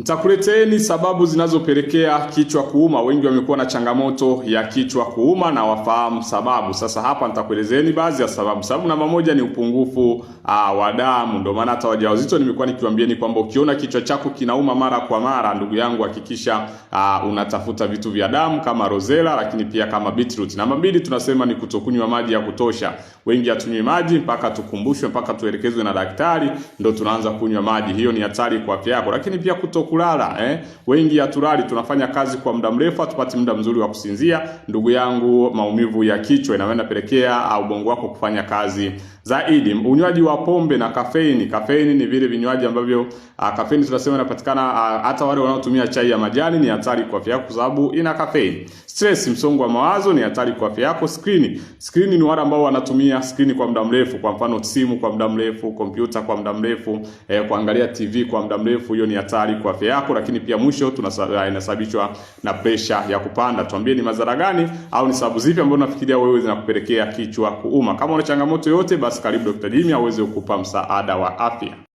Nitakuleteeni sababu zinazopelekea kichwa kuuma. Wengi wamekuwa na changamoto ya kichwa kuuma na wafahamu sababu. Sasa hapa nitakuelezeni baadhi ya sababu. Sababu namba moja ni upungufu uh, wa damu. Ndio maana hata wajawazito nimekuwa nikiwaambieni kwamba ukiona kichwa chako kinauma mara kwa mara, ndugu yangu, hakikisha uh, unatafuta vitu vya damu kama rozela, lakini pia kama beetroot. Namba mbili tunasema ni kutokunywa maji ya kutosha. Wengi hatunywi maji mpaka tukumbushwe, mpaka tuelekezwe na daktari, ndio tunaanza kunywa maji. Hiyo ni hatari kwa afya yako, lakini pia kuto kulala eh. Wengi hatulali, tunafanya kazi kwa muda mrefu, hatupati muda mzuri wa kusinzia. Ndugu yangu, maumivu ya kichwa inaenda pelekea au ah, ubongo wako kufanya kazi zaidi. Unywaji wa pombe na kafeini. Kafeini ni vile vinywaji ambavyo ah, kafeini tunasema inapatikana ah, hata wale wanaotumia chai ya majani ni hatari kwa afya yako kwa sababu ina kafeini. Stress, msongo wa mawazo ni hatari kwa afya yako. Screen, screen ni wale ambao wanatumia screen kwa muda mrefu, kwa mfano simu kwa muda mrefu, kompyuta kwa muda mrefu, eh, kuangalia TV kwa muda mrefu, hiyo ni hatari kwa kwa afya yako, lakini pia mwisho eh, inasababishwa na presha ya kupanda. Tuambie ni madhara gani au ni sababu zipi ambazo unafikiria wewe zinakupelekea kichwa kuuma. Kama una changamoto yoyote, basi karibu Dr. Jimmy aweze kukupa msaada wa afya.